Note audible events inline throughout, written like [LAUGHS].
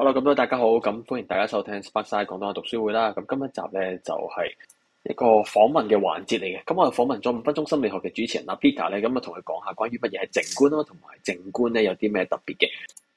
Hello 咁多位大家好，咁歡迎大家收聽 Sparkside 廣東話讀書會啦。咁今一集咧就係一個訪問嘅環節嚟嘅。咁我係訪問咗五分鐘心理學嘅主持人阿 Peter 咧，咁啊同佢講下關於乜嘢係靜觀咯，同埋靜觀咧有啲咩特別嘅。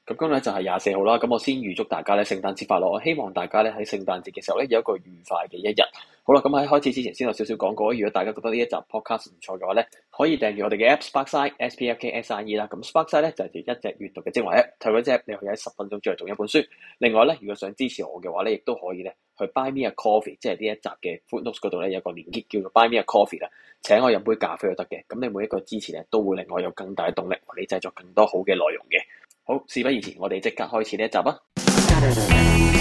咁今日就係廿四號啦。咁我先預祝大家咧聖誕節快樂。我希望大家咧喺聖誕節嘅時候咧有一個愉快嘅一日。好啦，咁喺開始之前先有少少講過。如果大家覺得呢一集 podcast 唔錯嘅話咧，可以訂閱我哋嘅 App Sparkside S, Spark s P SP A K S I E 啦，咁 Sparkside 咧就係、是、一隻閲讀嘅精華 App，透過一隻 App 你可以喺十分鐘之內讀一本書。另外咧，如果想支持我嘅話咧，亦都可以咧去 Buy Me a Coffee，即係呢一集嘅 Footnotes 嗰度咧有個連結叫做 Buy Me a Coffee 啦，請我飲杯咖啡就得嘅。咁你每一個支持咧，都會令我有更大嘅動力為你製作更多好嘅內容嘅。好，事不宜遲，我哋即刻開始呢一集啊！ [MUSIC]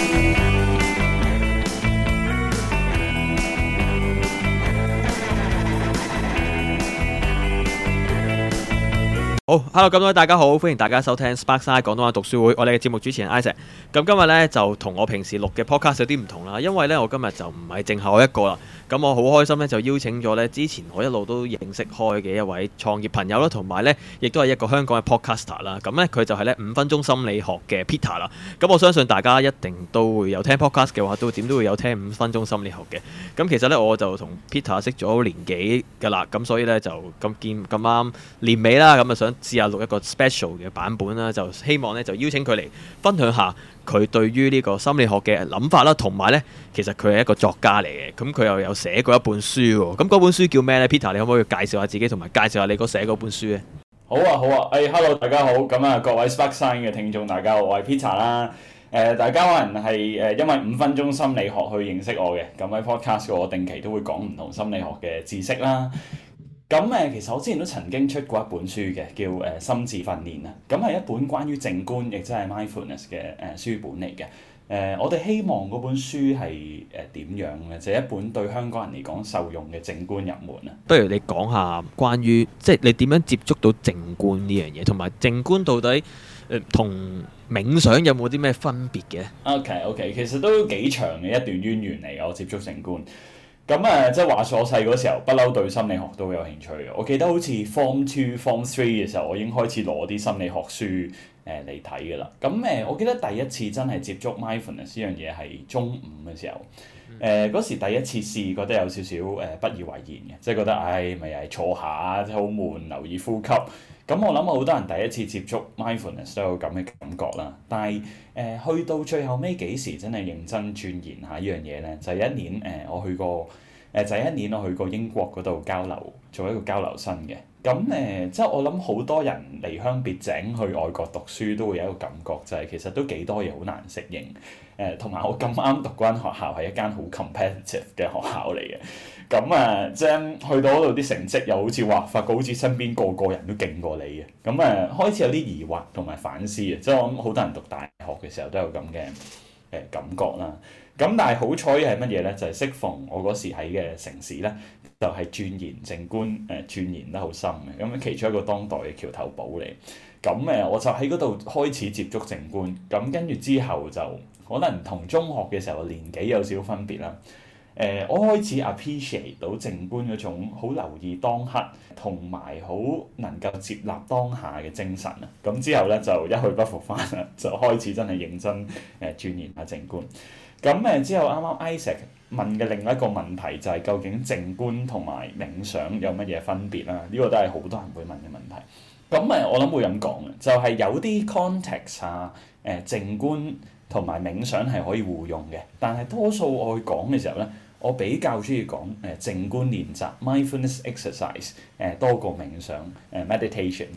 Hello 各位大家好，歡迎大家收聽 Sparkside 廣東話讀書會，我哋嘅節目主持人 Isaac。咁今日咧就同我平時錄嘅 podcast 有啲唔同啦，因為咧我今日就唔係淨係我一個啦，咁我好開心咧就邀請咗咧之前我一路都認識開嘅一位創業朋友啦，同埋咧亦都係一個香港嘅 podcaster 啦。咁咧佢就係咧五分鐘心理學嘅 Peter 啦。咁我相信大家一定都會有聽 podcast 嘅話，都點都會有聽五分鐘心理學嘅。咁其實咧我就同 Peter 識咗年幾噶啦，咁所以咧就咁見咁啱年尾啦，咁啊想。試下錄一個 special 嘅版本啦，就希望咧就邀請佢嚟分享下佢對於呢個心理學嘅諗法啦，同埋咧其實佢係一個作家嚟嘅，咁佢又有寫過一本書喎，咁、啊、嗰本書叫咩咧？Peter，你可唔可以介紹下自己，同埋介紹下你個寫嗰本書咧、啊？好啊好啊，誒、hey，hello 大家好，咁啊各位 Spark 山嘅聽眾大家好。我係 Peter 啦，誒、呃，大家可能係誒因為五分鐘心理學去認識我嘅，咁喺 podcast 我定期都會講唔同心理學嘅知識啦。咁誒，其實我之前都曾經出過一本書嘅，叫誒、呃、心智訓練啊。咁係一本關於靜觀，亦即係 mindfulness 嘅誒、呃、書本嚟嘅。誒、呃，我哋希望嗰本書係誒點樣咧？就係、一本對香港人嚟講受用嘅靜觀入門啊。不如你講下關於即係、就是、你點樣接觸到靜觀呢樣嘢，同埋靜觀到底誒同、呃、冥想有冇啲咩分別嘅？OK OK，其實都幾長嘅一段淵源嚟嘅，我接觸靜觀。咁誒，即係話説我細個時候，不嬲對心理學都有興趣嘅。我記得好似 Form Two、Form Three 嘅時候，我已經開始攞啲心理學書誒嚟睇㗎喇。咁誒，我記得第一次真係接觸 mindfulness 呢樣嘢係中五嘅時候。誒、嗯，嗰、呃、時第一次試，覺得有少少誒不以為然嘅，即係覺得，唉、哎，咪、就、係、是、坐下，即係好悶，留意呼吸。咁我諗好多人第一次接觸 mindfulness 都有咁嘅感覺啦，但係誒、呃、去到最後尾幾時真係認真鑽研下呢樣嘢咧？就係一年誒、呃、我去過誒、呃、就係一年我去過英國嗰度交流，做一個交流生嘅。咁誒、呃、即係我諗好多人離鄉別井去外國讀書都會有一個感覺、就是，就係其實都幾多嘢、呃、好難適應誒，同埋我咁啱讀嗰間學校係一間好 competitive 嘅學校嚟嘅。咁啊、嗯，即去到嗰度啲成績又好似話，發覺好似身邊個個人都勁過你嘅。咁、嗯、啊、嗯，開始有啲疑惑同埋反思嘅。即係我諗好多人讀大學嘅時候都有咁嘅誒感覺啦。咁、嗯、但係好彩嘅係乜嘢咧？就係、是、適逢我嗰時喺嘅城市咧，就係、是、鑽研靜觀誒、呃、鑽研得好深嘅。咁、嗯、樣其中一個當代嘅橋頭堡嚟。咁、嗯、誒、嗯，我就喺嗰度開始接觸靜觀。咁、嗯、跟住之後就可能同中學嘅時候年紀有少少分別啦。誒、呃，我開始 appreciate 到靜觀嗰種好留意當刻，同埋好能夠接納當下嘅精神啊！咁之後咧就一去不復返啦，就開始真係認真誒鑽研下靜觀。咁誒之後啱啱 Isaac 問嘅另外一個問題就係、是、究竟靜觀同埋冥想有乜嘢分別啦？呢、這個都係好多人會問嘅問題。咁誒、呃，我諗會咁講嘅，就係、是、有啲 context 啊，誒、呃、靜觀同埋冥想係可以互用嘅，但係多數我去講嘅時候咧。我比較中意講誒靜觀練習 mindfulness exercise 誒、呃、多過冥想誒、呃、meditation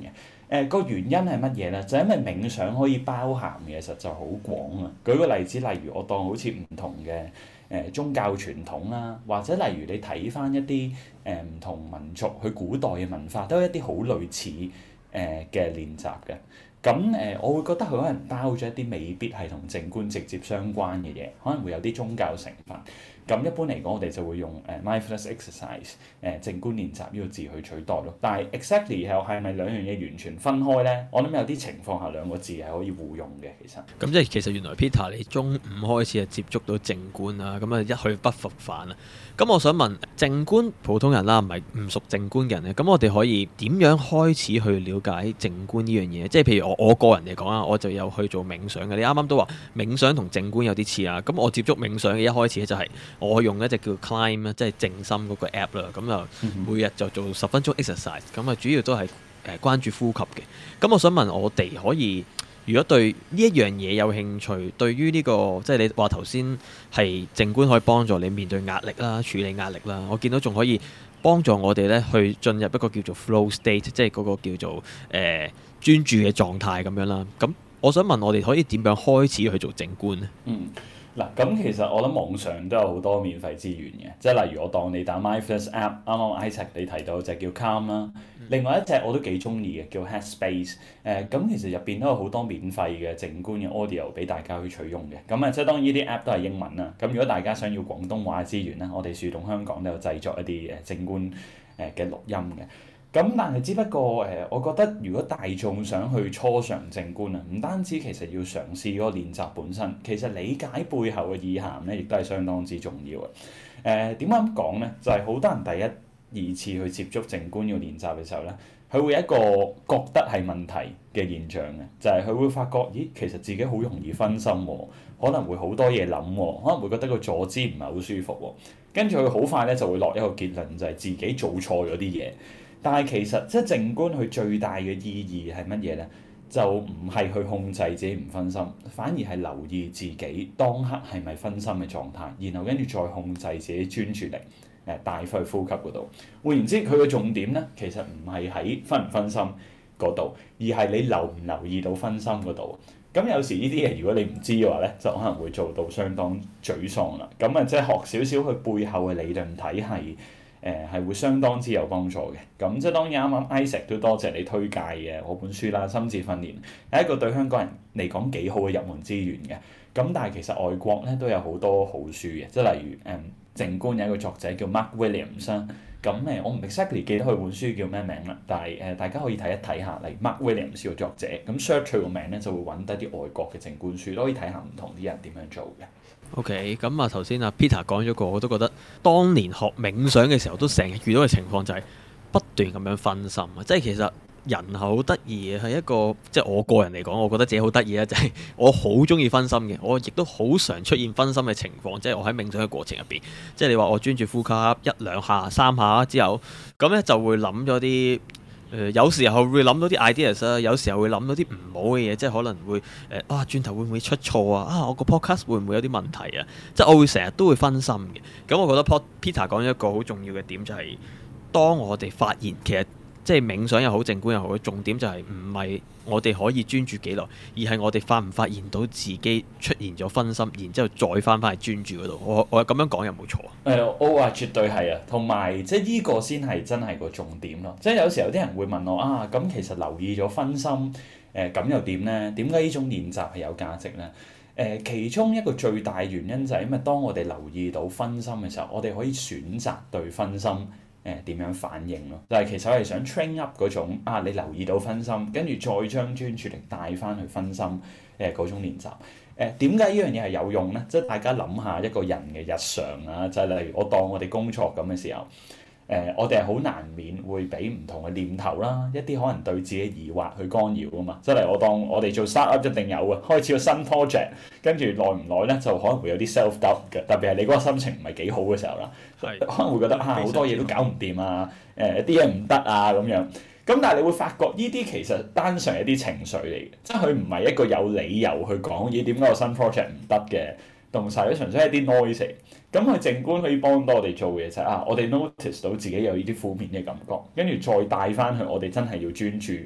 嘅誒個、呃、原因係乜嘢咧？就因為冥想可以包含嘅實在好廣啊！舉個例子，例如我當好似唔同嘅誒、呃、宗教傳統啦，或者例如你睇返一啲誒唔同民族佢古代嘅文化，都一啲好類似誒嘅、呃、練習嘅。咁誒、呃、我會覺得佢可能包咗一啲未必係同靜觀直接相關嘅嘢，可能會有啲宗教成分。咁一般嚟講，我哋就會用誒、uh, mindfulness exercise 誒靜觀練習呢個字去取代咯。但係 exactly 又係咪兩樣嘢完全分開呢？我諗有啲情況下兩個字係可以互用嘅，其實。咁、嗯、即係其實原來 Peter 你中五開始就接觸到靜觀啊，咁啊一去不復返啊。咁我想問靜觀普通人啦，唔係唔熟靜觀嘅人咧，咁我哋可以點樣開始去了解靜觀呢樣嘢？即係譬如我我個人嚟講啊，我就有去做冥想嘅。你啱啱都話冥想同靜觀有啲似啊。咁我接觸冥想嘅一開始就係、是、～我用一隻叫 climb 即係靜心嗰個 app 啦，咁啊每日就做十分鐘 exercise，咁啊主要都係誒關注呼吸嘅。咁我想問我哋可以，如果對呢一樣嘢有興趣，對於呢個即係你話頭先係靜觀可以幫助你面對壓力啦、處理壓力啦，我見到仲可以幫助我哋咧去進入一個叫做 flow state，即係嗰個叫做誒、呃、專注嘅狀態咁樣啦。咁我想問我哋可以點樣開始去做靜觀呢？嗯。嗱，咁其實我諗網上都有好多免費資源嘅，即係例如我當你打 My First App，啱啱 Iset 你提到就係、叫 Calm 啦，另外一隻我都幾中意嘅叫 Headspace、呃。誒，咁其實入邊都有好多免費嘅靜觀嘅 audio 俾大家去取用嘅。咁啊，即係當呢啲 app 都係英文啦。咁如果大家想要廣東話資源咧，我哋樹洞香港都有製作一啲誒靜觀誒嘅錄音嘅。咁、嗯，但係只不過誒、呃，我覺得如果大眾想去初嘗靜觀啊，唔單止其實要嘗試嗰個練習本身，其實理解背後嘅意涵咧，亦都係相當之重要嘅。誒點解咁講咧？就係、是、好多人第一二次去接觸靜觀嘅練習嘅時候咧，佢會有一個覺得係問題嘅現象嘅，就係、是、佢會發覺咦，其實自己好容易分心、哦，可能會好多嘢諗、哦，可能會覺得個坐姿唔係好舒服、哦，跟住佢好快咧就會落一個結論，就係、是、自己做錯咗啲嘢。但係其實即係靜觀，佢最大嘅意義係乜嘢咧？就唔係去控制自己唔分心，反而係留意自己當刻係咪分心嘅狀態，然後跟住再控制自己專注力，誒帶返去呼吸嗰度。換言之，佢嘅重點咧，其實唔係喺分唔分心嗰度，而係你留唔留意到分心嗰度。咁有時呢啲嘢，如果你唔知嘅話咧，就可能會做到相當沮喪啦。咁啊，即係學少少佢背後嘅理論體系。誒係、呃、會相當之有幫助嘅，咁即係當然啱啱 Isaac 都多謝你推介嘅嗰本書啦，心智訓練係一個對香港人嚟講幾好嘅入門資源嘅。咁但係其實外國咧都有好多好書嘅，即係例如誒、呃、靜觀有一個作者叫 Mark Williams，咁誒我唔 exactly 記得佢本書叫咩名啦，但係誒、呃、大家可以睇一睇下例如 Mark Williams 個作者，咁 search 佢個名咧就會揾得啲外國嘅靜觀書，都可以睇下唔同啲人點樣做嘅。OK，咁啊，頭先啊 Peter 講咗個，我都覺得當年學冥想嘅時候，都成日遇到嘅情況就係不斷咁樣分心啊！即係其實人係好得意嘅，係一個即係我個人嚟講，我覺得自己好得意啊！就係、係、我好中意分心嘅，我亦都好常出現分心嘅情況，即係我喺冥想嘅過程入邊，即係你話我專注呼吸一兩下、三下之後，咁咧就會諗咗啲。有時候會諗到啲 ideas 啊，有時候會諗到啲唔好嘅嘢，即係可能會誒、呃、啊轉頭會唔會出錯啊？啊我個 podcast 會唔會有啲問題啊？即係我會成日都會分心嘅。咁我覺得 Peter 講咗一個好重要嘅點，就係、是、當我哋發現，其實。即係冥想又好，靜觀又好，重點就係唔係我哋可以專注幾耐，而係我哋發唔發現到自己出現咗分心，然之後再翻返去專注嗰度。我我咁樣講有冇錯啊？誒，我話、哎、絕對係啊，同埋即係呢個先係真係個重點咯。即係有時候有啲人會問我啊，咁其實留意咗分心誒咁、呃、又點咧？點解呢種練習係有價值咧？誒、呃，其中一個最大原因就係、是、因為，當我哋留意到分心嘅時候，我哋可以選擇對分心。誒、呃、點樣反應咯？就係其實我係想 train up 嗰種啊，你留意到分心，跟住再將專注力帶翻去分心誒嗰種練習。誒，點解依樣嘢係有用咧？即係大家諗下一個人嘅日常啊，就係例如我當我哋工作咁嘅時候。誒、呃，我哋係好難免會俾唔同嘅念頭啦，一啲可能對自己疑惑去干擾啊嘛。即係，我當我哋做 startup 一定有啊，開始個新 project，跟住耐唔耐咧就可能會有啲 self doubt 嘅。特別係你嗰個心情唔係幾好嘅時候啦，是可能會覺得啊好多嘢都搞唔掂啊，誒、呃、一啲嘢唔得啊咁樣。咁但係你會發覺呢啲其實單純係一啲情緒嚟嘅，即係佢唔係一個有理由去講嘢點解個新 project 唔得嘅動，佢純粹係啲 noise。咁佢靜觀可以幫到我哋做嘢就係啊！我哋 notice 到自己有呢啲負面嘅感覺，跟住再帶翻去我哋真係要專注誒嗰、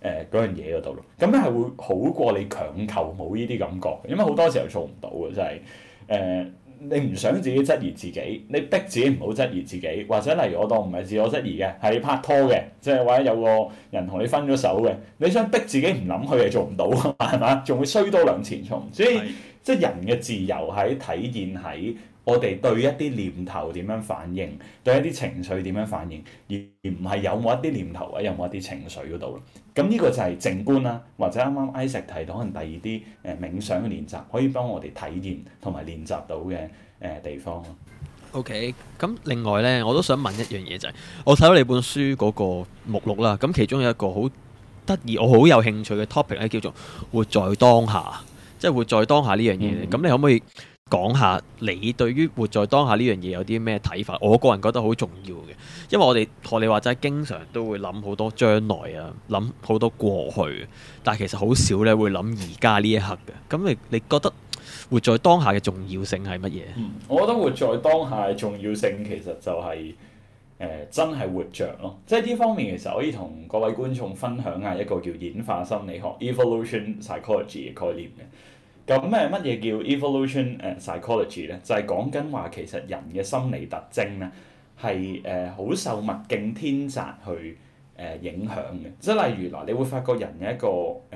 呃、樣嘢嗰度咯。咁咧係會好過你強求冇呢啲感覺，因為好多時候做唔到嘅，就係、是、誒、呃、你唔想自己質疑自己，你逼自己唔好質疑自己，或者例如我當唔係自我質疑嘅，係拍拖嘅，即、就、係、是、或者有個人同你分咗手嘅，你想逼自己唔諗佢係做唔到啊嘛，仲 [LAUGHS] 會衰多兩錢重。所以的即係人嘅自由喺體現喺，我哋對一啲念頭點樣反應，對一啲情緒點樣反應，而唔係有冇一啲念頭啊，有冇一啲情緒嗰度咯。咁呢個就係靜觀啦，或者啱啱 Isaac 提到可能第二啲冥想嘅練習可以幫我哋體驗同埋練習到嘅誒地方咯。OK，咁另外呢，我都想問一樣嘢就係，我睇到你本書嗰個目錄啦，咁其中有一個好得意、我好有興趣嘅 topic 咧，叫做活在當下，即係活在當下呢樣嘢。咁、嗯、你可唔可以？講下你對於活在當下呢樣嘢有啲咩睇法？我個人覺得好重要嘅，因為我哋學你話齋，經常都會諗好多將來啊，諗好多過去，但係其實好少咧會諗而家呢一刻嘅。咁你你覺得活在當下嘅重要性係乜嘢？我覺得活在當下嘅重要性其實就係、是呃、真係活着咯。即係呢方面，其實可以同各位觀眾分享一下一個叫演化心理學 （evolution psychology） 嘅概念嘅。咁誒，乜嘢叫 evolution 誒 psychology 咧？就係講緊話，其實人嘅心理特徵咧，係誒好受物競天擇去誒影響嘅。即係例如嗱，你會發覺人嘅一個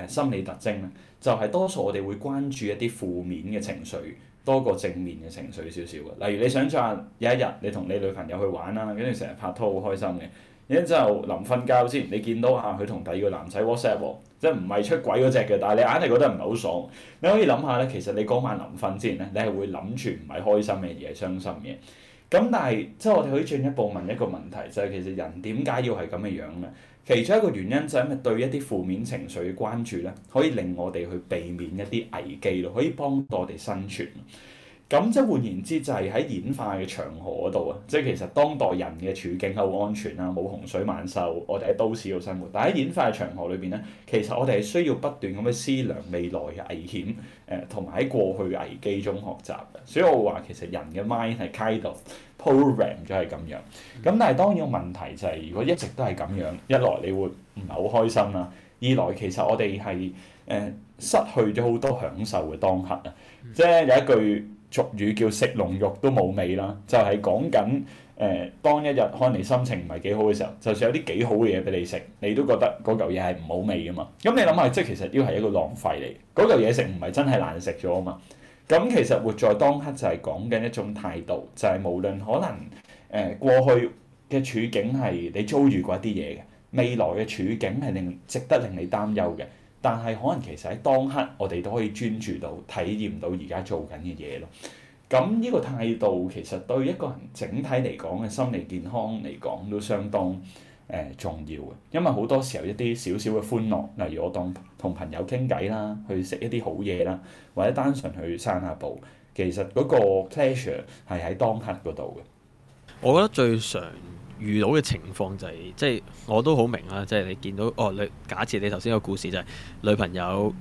誒心理特徵咧，就係多數我哋會關注一啲負面嘅情緒多過正面嘅情緒少少嘅。例如你想像下，有一日你同你女朋友去玩啦，跟住成日拍拖好開心嘅，然之後臨瞓覺之前你見到啊，佢同第二個男仔 WhatsApp 喎。即係唔係出軌嗰隻嘅，但係你硬係覺得唔係好爽。你可以諗下咧，其實你嗰晚臨瞓之前咧，你係會諗住唔係開心嘅嘢，而係傷心嘅。咁但係，即係我哋可以進一步問一個問題，就係、係、其實人點解要係咁嘅樣咧？其中一個原因就係咪對一啲負面情緒嘅關注咧，可以令我哋去避免一啲危機咯，可以幫到我哋生存。咁即係換言之，就係喺演化嘅長河嗰度啊，即其實當代人嘅處境係好安全啦，冇洪水猛獸，我哋喺都市度生活。但喺演化嘅長河裏邊咧，其實我哋係需要不斷咁去思量未來嘅危險，誒同埋喺過去嘅危機中學習。所以我話其實人嘅 mind 係 kind of programmed 就係咁樣。咁但係當然問題就係，如果一直都係咁樣，一來你會唔係好開心啦，二來其實我哋係誒失去咗好多享受嘅當刻啊，即有一句。俗語叫食龍肉都冇味啦，就係講緊誒當一日可能你心情唔係幾好嘅時候，就算有啲幾好嘅嘢俾你食，你都覺得嗰嚿嘢係唔好味㗎嘛。咁、嗯、你諗下，即係其實都係一個浪費嚟，嗰嚿嘢食唔係真係難食咗啊嘛。咁、嗯、其實活在當刻就係講緊一種態度，就係、是、無論可能誒、呃、過去嘅處境係你遭遇過一啲嘢嘅，未來嘅處境係令值得令你擔憂嘅。但係可能其實喺當刻，我哋都可以專注到體驗到而家做緊嘅嘢咯。咁呢個態度其實對一個人整體嚟講嘅心理健康嚟講都相當誒、呃、重要嘅，因為好多時候一啲少少嘅歡樂，例如我當同朋友傾偈啦，去食一啲好嘢啦，或者單純去散下步，其實嗰個 pleasure 係喺當刻嗰度嘅。我覺得最常遇到嘅情況就係、是，即係我都好明啊。即係你見到哦，你假設你頭先個故事就係、是、女朋友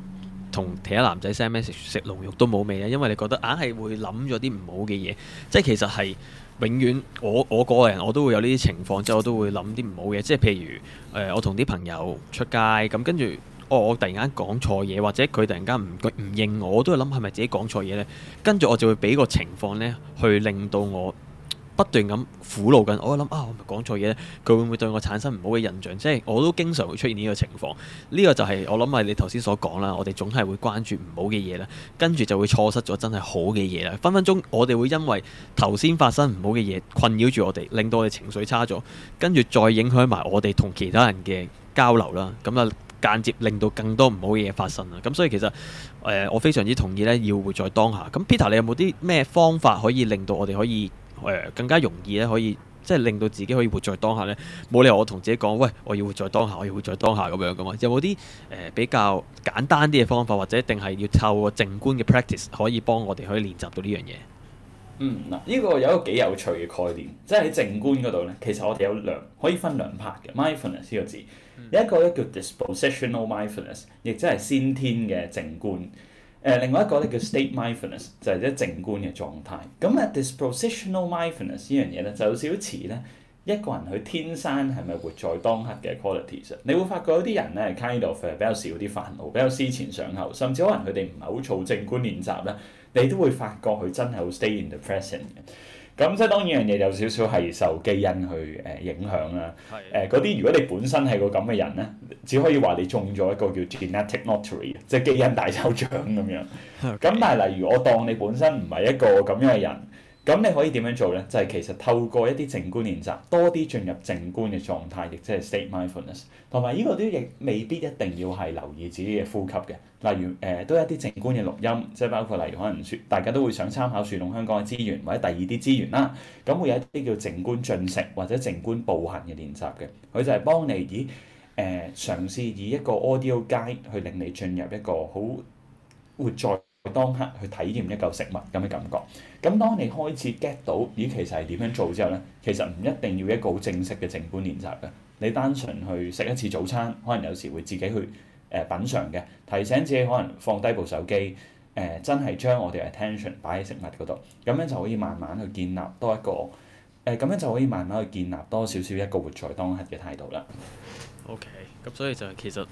同其他男仔 send message 食龍肉都冇味啊，因為你覺得硬係會諗咗啲唔好嘅嘢。即係其實係永遠我，我我個人我都會有呢啲情況，即係我都會諗啲唔好嘢。即係譬如誒、呃，我同啲朋友出街咁，跟住哦，我突然間講錯嘢，或者佢突然間唔唔認我，我都係諗係咪自己講錯嘢呢？跟住我就會俾個情況呢去令到我。不斷咁苦惱緊，我諗啊，我咪講錯嘢咧，佢會唔會對我產生唔好嘅印象？即係我都經常會出現呢個情況。呢、這個就係我諗係你頭先所講啦。我哋總係會關注唔好嘅嘢啦，跟住就會錯失咗真係好嘅嘢啦。分分鐘我哋會因為頭先發生唔好嘅嘢困擾住我哋，令到我哋情緒差咗，跟住再影響埋我哋同其他人嘅交流啦。咁啊間接令到更多唔好嘅嘢發生啦。咁所以其實誒、呃，我非常之同意咧，要活在當下。咁 Peter，你有冇啲咩方法可以令到我哋可以？誒、呃、更加容易咧，可以即係令到自己可以活在當下咧，冇理由我同自己講，喂，我要活在當下，我要活在當下咁樣噶嘛？有冇啲誒比較簡單啲嘅方法，或者定係要透過靜觀嘅 practice 可以幫我哋可以練習到呢樣嘢？嗯，嗱，呢個有一個幾有趣嘅概念，即係喺靜觀嗰度咧，其實我哋有兩可以分兩拍嘅 mindfulness 呢個字，有、嗯、一個咧叫 dispositional mindfulness，亦即係先天嘅靜觀。誒、uh, 另外一個咧叫 state mindfulness，就係一靜觀嘅狀態。咁啊，dispositional mindfulness 呢樣嘢咧，就有少似咧一個人佢天生係咪活在當刻嘅 quality？其實你會發覺有啲人咧 kind of 誒比較少啲煩惱，比較思前想後，甚至可能佢哋唔係好做靜觀練習咧，你都會發覺佢真係好 stay in the present 嘅。咁即係當然樣嘢有少少係受基因去誒影響啦、啊。誒嗰啲如果你本身係個咁嘅人咧，只可以話你中咗一個叫 genetic lottery 即係基因大抽獎咁樣。咁但係例如我當你本身唔係一個咁樣嘅人。咁你可以點樣做咧？就係、是、其實透過一啲靜觀練習，多啲進入靜觀嘅狀態，亦即係 state mindfulness。同埋依個都亦未必一定要係留意自己嘅呼吸嘅。例如誒、呃，都有一啲靜觀嘅錄音，即係包括例如可能樹，大家都會想參考樹洞香港嘅資源或者第二啲資源啦。咁會有一啲叫靜觀進食或者靜觀步行嘅練習嘅，佢就係幫你以誒、呃、嘗試以一個 audio guide 去令你進入一個好活在當刻去體驗一嚿食物咁嘅感覺，咁當你開始 get 到咦，其實係點樣做之後咧，其實唔一定要一個好正式嘅靜觀練習嘅，你單純去食一次早餐，可能有時會自己去誒、呃、品嘗嘅，提醒自己可能放低部手機，誒、呃、真係將我哋嘅 attention 擺喺食物嗰度，咁樣就可以慢慢去建立多一個，誒、呃、咁樣就可以慢慢去建立多少少一個活在當刻嘅態度啦。OK，咁所以就是、其實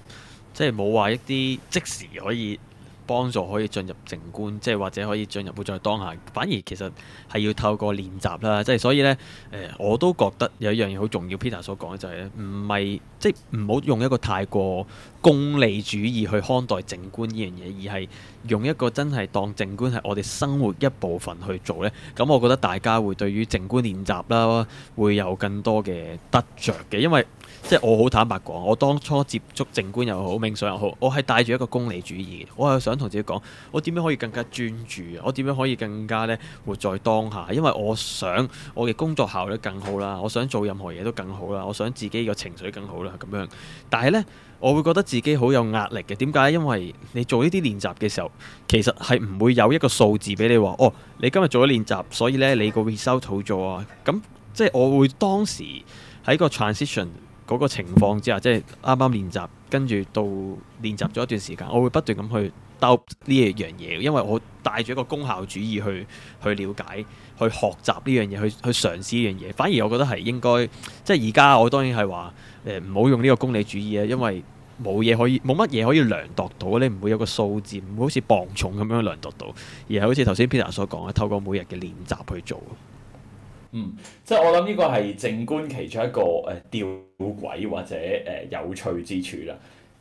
即係冇話一啲即時可以。幫助可以進入靜觀，即係或者可以進入活在當下。反而其實係要透過練習啦，即係所以呢，誒我都覺得有一樣嘢好重要。Peter 所講嘅就係唔係即唔好用一個太過功利主義去看待靜觀呢樣嘢，而係用一個真係當靜觀係我哋生活一部分去做呢，咁我覺得大家會對於靜觀練習啦，會有更多嘅得着嘅，因為。即係我好坦白講，我當初接觸靜觀又好，冥想又好，我係帶住一個功利主義。我係想同自己講，我點樣可以更加專注？我點樣可以更加咧活在當下？因為我想我嘅工作效率更好啦，我想做任何嘢都更好啦，我想自己個情緒更好啦咁樣。但係呢，我會覺得自己好有壓力嘅。點解？因為你做呢啲練習嘅時候，其實係唔會有一個數字俾你話，哦，你今日做咗練習，所以呢，你個 result 好咗啊。咁即係我會當時喺個 transition。嗰個情況之下，即係啱啱練習，跟住到練習咗一段時間，我會不斷咁去兜呢一樣嘢，因為我帶住一個功效主義去去了解、去學習呢樣嘢、去去嘗試呢樣嘢。反而我覺得係應該，即係而家我當然係話誒、唔好用呢個功利主義啊，因為冇嘢可以冇乜嘢可以量度到，你唔會有個數字，唔會好似磅重咁樣量度到，而係好似頭先 Peter 所講嘅，透過每日嘅練習去做。嗯，即係我諗呢個係靜觀其中一個誒、呃、吊詭或者誒、呃、有趣之處啦。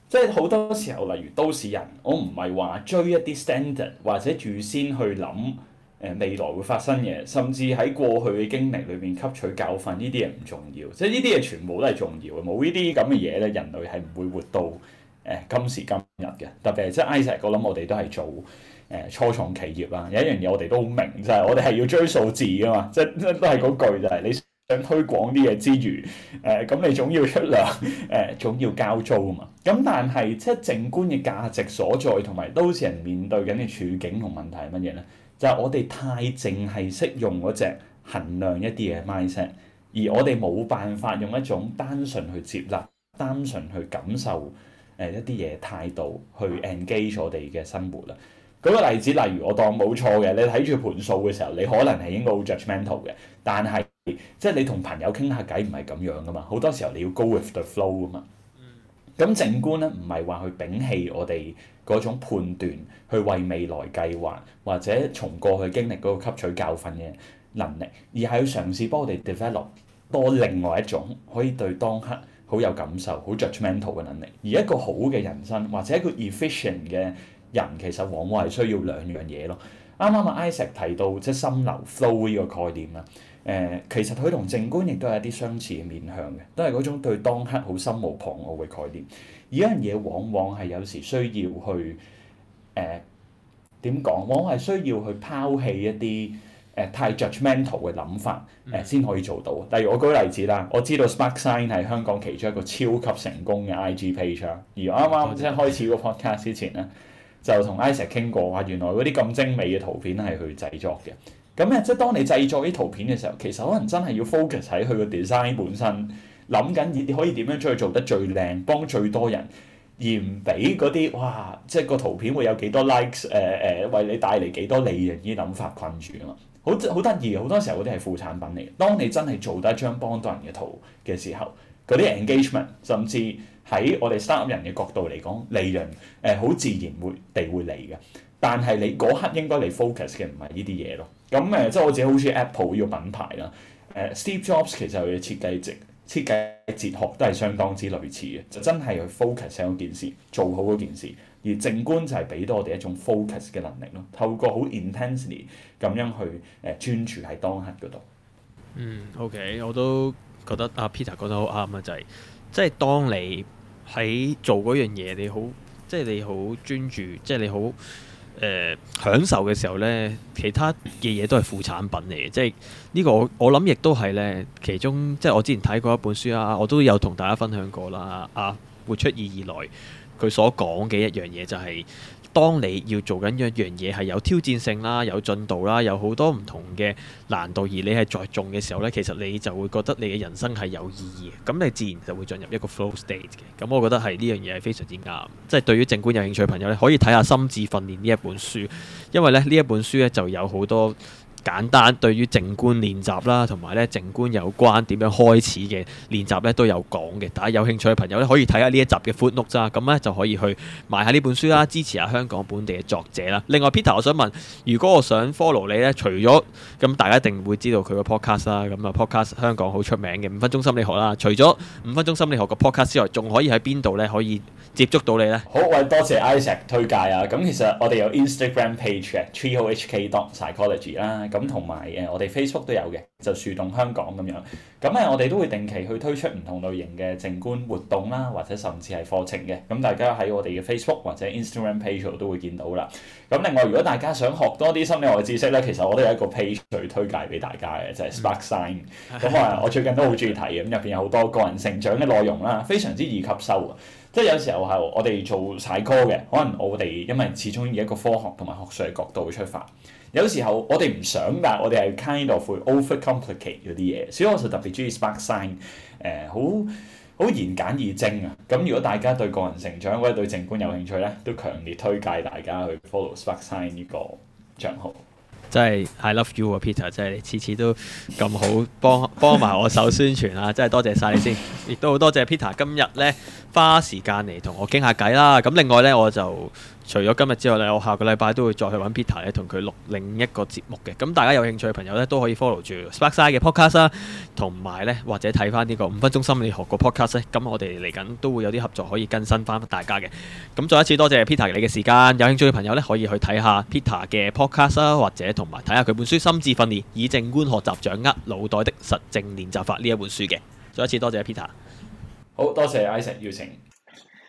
即係好多時候，例如都市人，我唔係話追一啲 standard 或者預先去諗誒、呃、未來會發生嘅，甚至喺過去嘅經歷裏邊吸取教訓，呢啲嘢唔重要。即係呢啲嘢全部都係重要嘅，冇呢啲咁嘅嘢咧，人類係唔會活到。誒今時今日嘅特別係即係 Isaac 我諗我哋都係做誒、呃、初創企業啦。有一樣嘢我哋都好明就係、是、我哋係要追數字噶嘛，即係都係嗰句就係、是、你想推廣啲嘢之餘，誒、呃、咁你總要出糧，誒、呃、總要交租啊嘛。咁但係即係靜觀嘅價值所在，同埋都市人面對緊嘅處境同問題係乜嘢咧？就係、是、我哋太淨係識用嗰隻衡量一啲嘢，mindset 而我哋冇辦法用一種單純去接納，單純去感受。誒、呃、一啲嘢態度去 engage、嗯、我哋嘅生活啦。嗰、舉個例子例如我當冇錯嘅，你睇住盤數嘅時候，你可能係應該好 judgmental 嘅。但係即係你同朋友傾下偈唔係咁樣噶嘛，好多時候你要 go with the flow 啊嘛。咁靜觀咧唔係話去摒棄我哋嗰種判斷，去為未來計劃或者從過去經歷嗰個吸取教訓嘅能力，而係去嘗試幫我哋 develop 多另外一種可以對當刻。好有感受，好 judgmental 嘅能力。而一個好嘅人生，或者一個 efficient 嘅人，其實往往係需要兩樣嘢咯。啱啱阿 Isaac 提到即係心流 flow 呢個概念啦。誒、呃，其實佢同靜觀亦都係一啲相似嘅面向嘅，都係嗰種對當刻好心無旁騖嘅概念。而一樣嘢往往係有時需要去誒點講，往往係需要去拋棄一啲。誒、呃、太 judgmental 嘅諗法，誒、呃、先可以做到。例如我舉例子啦，我知道 Spark Sign 係香港其中一個超級成功嘅 IG page，啊。而啱啱即係開始個 podcast 之前咧，就同 Isaac 傾過話，原來嗰啲咁精美嘅圖片係去製作嘅。咁啊、呃，即係當你製作啲圖片嘅時候，其實可能真係要 focus 喺佢個 design 本身，諗緊你可以點樣出去做得最靚，幫最多人，而唔俾嗰啲哇，即係個圖片會有幾多 likes，誒、呃、誒、呃，為你帶嚟幾多利潤呢啲諗法困住啊！好好得意，好多時候嗰啲係副產品嚟。當你真係做得一張幫到人嘅圖嘅時候，嗰啲 engagement 甚至喺我哋三人嘅角度嚟講，利潤誒好自然會地會嚟嘅。但係你嗰刻應該你 focus 嘅唔係呢啲嘢咯。咁誒、呃，即係我自己好中意 Apple 呢個品牌啦。誒、呃，Steve Jobs 其實佢嘅設計哲設計哲學都係相當之類似嘅，就真係去 focus 喺嗰件事，做好嗰件事。而靜觀就係俾到我哋一種 focus 嘅能力咯，透過好 intensely 咁樣去誒專注喺當刻嗰度。嗯，OK，我都覺得阿 Peter 講得好啱啊，就係即係當你喺做嗰樣嘢，你好，即係你好專注，即係你好誒享受嘅時候咧，其他嘅嘢都係副產品嚟嘅。即係呢個我我諗亦都係咧，其中即係我之前睇過一本書啊，我都有同大家分享過啦，啊，活出意義來。佢所講嘅一樣嘢就係，當你要做緊一樣嘢係有挑戰性啦、有進度啦、有好多唔同嘅難度，而你係在做嘅時候呢，其實你就會覺得你嘅人生係有意義嘅。咁你自然就會進入一個 flow state 嘅。咁我覺得係呢樣嘢係非常之啱。即係對於靜觀有興趣嘅朋友咧，可以睇下心智訓練呢一本書，因為咧呢一本書呢就有好多。簡單對於靜觀練習啦，同埋咧靜觀有關點樣開始嘅練習咧都有講嘅。大家有興趣嘅朋友咧可以睇下呢一集嘅《Footnote》咋，咁咧就可以去買下呢本書啦，支持下香港本地嘅作者啦。另外 Peter，我想問，如果我想 follow 你咧，除咗咁大家一定會知道佢個 podcast 啦，咁啊 podcast 香港好出名嘅《五分鐘心理學》啦，除咗《五分鐘心理學》個 podcast 之外，仲可以喺邊度咧可以接觸到你咧？好，我哋多謝 Isaac 推介啊。咁其實我哋有 Instagram page 嘅 t r e e o、oh、h k c o m psychology 啦。咁同埋誒，我哋 Facebook 都有嘅，就樹洞香港咁樣。咁誒，我哋都會定期去推出唔同類型嘅靜觀活動啦，或者甚至係課程嘅。咁大家喺我哋嘅 Facebook 或者 Instagram page 都會見到啦。咁另外，如果大家想學多啲心理學嘅知識咧，其實我都有一個 page 去推介俾大家嘅，就係 Spark Sign。咁啊，我最近都好中意睇嘅，咁入邊有好多個人成長嘅內容啦，非常之易吸收。即係有時候係我哋做細科嘅，可能我哋因為始終以一個科學同埋學術嘅角度出發，有時候我哋唔想，但我哋係 kind of 會 overcomplicate 嗰啲嘢。所以我就特別中意 Spark Sign，誒、呃，好好言簡意賅啊！咁如果大家對個人成長或者對正觀有興趣咧，都強烈推介大家去 follow Spark Sign 呢個賬號。真係 I love you 啊，Peter！真係你次次都咁好幫幫埋我手宣傳啦，真係多謝晒你先，亦都好多謝 Peter 今日呢，花時間嚟同我傾下偈啦。咁另外呢，我就～除咗今日之外咧，我下個禮拜都會再去揾 Peter 咧，同佢錄另一個節目嘅。咁大家有興趣嘅朋友咧，都可以 follow 住 Sparkside 嘅 podcast 啊、同埋呢，或者睇翻呢個五分鐘心理學個 podcast 啊，咁我哋嚟緊都會有啲合作可以更新翻大家嘅。咁再一次多謝 Peter 你嘅時間，有興趣嘅朋友呢，可以去睇下 Peter 嘅 podcast 啊，或者同埋睇下佢本書《心智訓練：以正觀學習掌握腦袋的實證練習法》呢一本書嘅。再一次多謝 Peter，好多謝 Isa 邀請。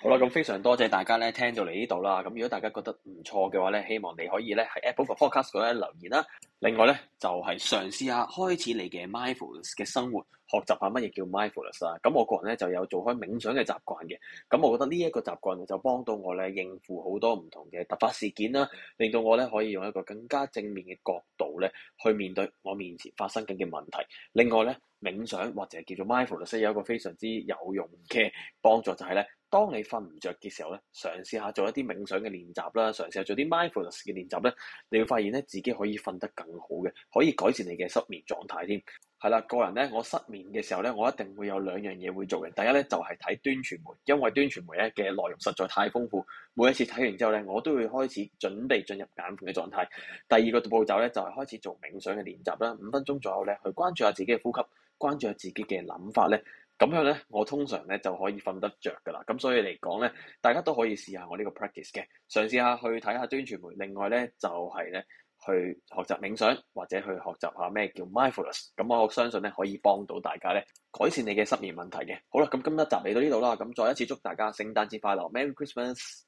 好啦，咁非常多謝大家咧，聽到嚟呢度啦。咁如果大家覺得唔錯嘅話咧，希望你可以咧喺 Apple Podcast 嗰度留言啦，啊。另外咧，就係嘗試下開始你嘅 Mindfulness 嘅生活，學習下乜嘢叫 Mindfulness 啊。咁我個人咧就有做開冥想嘅習慣嘅。咁我覺得習慣呢一個習慣就幫到我咧應付好多唔同嘅突發事件啦，啊，令到我咧可以用一個更加正面嘅角度咧去面對我面前發生緊嘅問題。另外咧冥想或者叫做 Mindfulness 有一個非常之有用嘅幫助就係咧。當你瞓唔着嘅時候咧，嘗試下做一啲冥想嘅練習啦，嘗試下做啲 mindfulness 嘅練習咧，你會發現咧自己可以瞓得更好嘅，可以改善你嘅失眠狀態添。係啦，個人咧，我失眠嘅時候咧，我一定會有兩樣嘢會做嘅。第一咧就係睇端傳媒，因為端傳媒咧嘅內容實在太豐富，每一次睇完之後咧，我都會開始準備進入眼瞓嘅狀態。第二個步驟咧就係開始做冥想嘅練習啦，五分鐘左右咧去關注下自己嘅呼吸，關注下自己嘅諗法咧。咁樣咧，我通常咧就可以瞓得着㗎啦。咁所以嚟講咧，大家都可以試下我呢個 practice 嘅，嘗試下去睇下端傳媒。另外咧，就係咧去學習冥想，或者去學習下咩叫 mindfulness。咁我相信咧可以幫到大家咧改善你嘅失眠問題嘅。好啦，咁今日集嚟到呢度啦。咁再一次祝大家聖誕節快樂，Merry Christmas！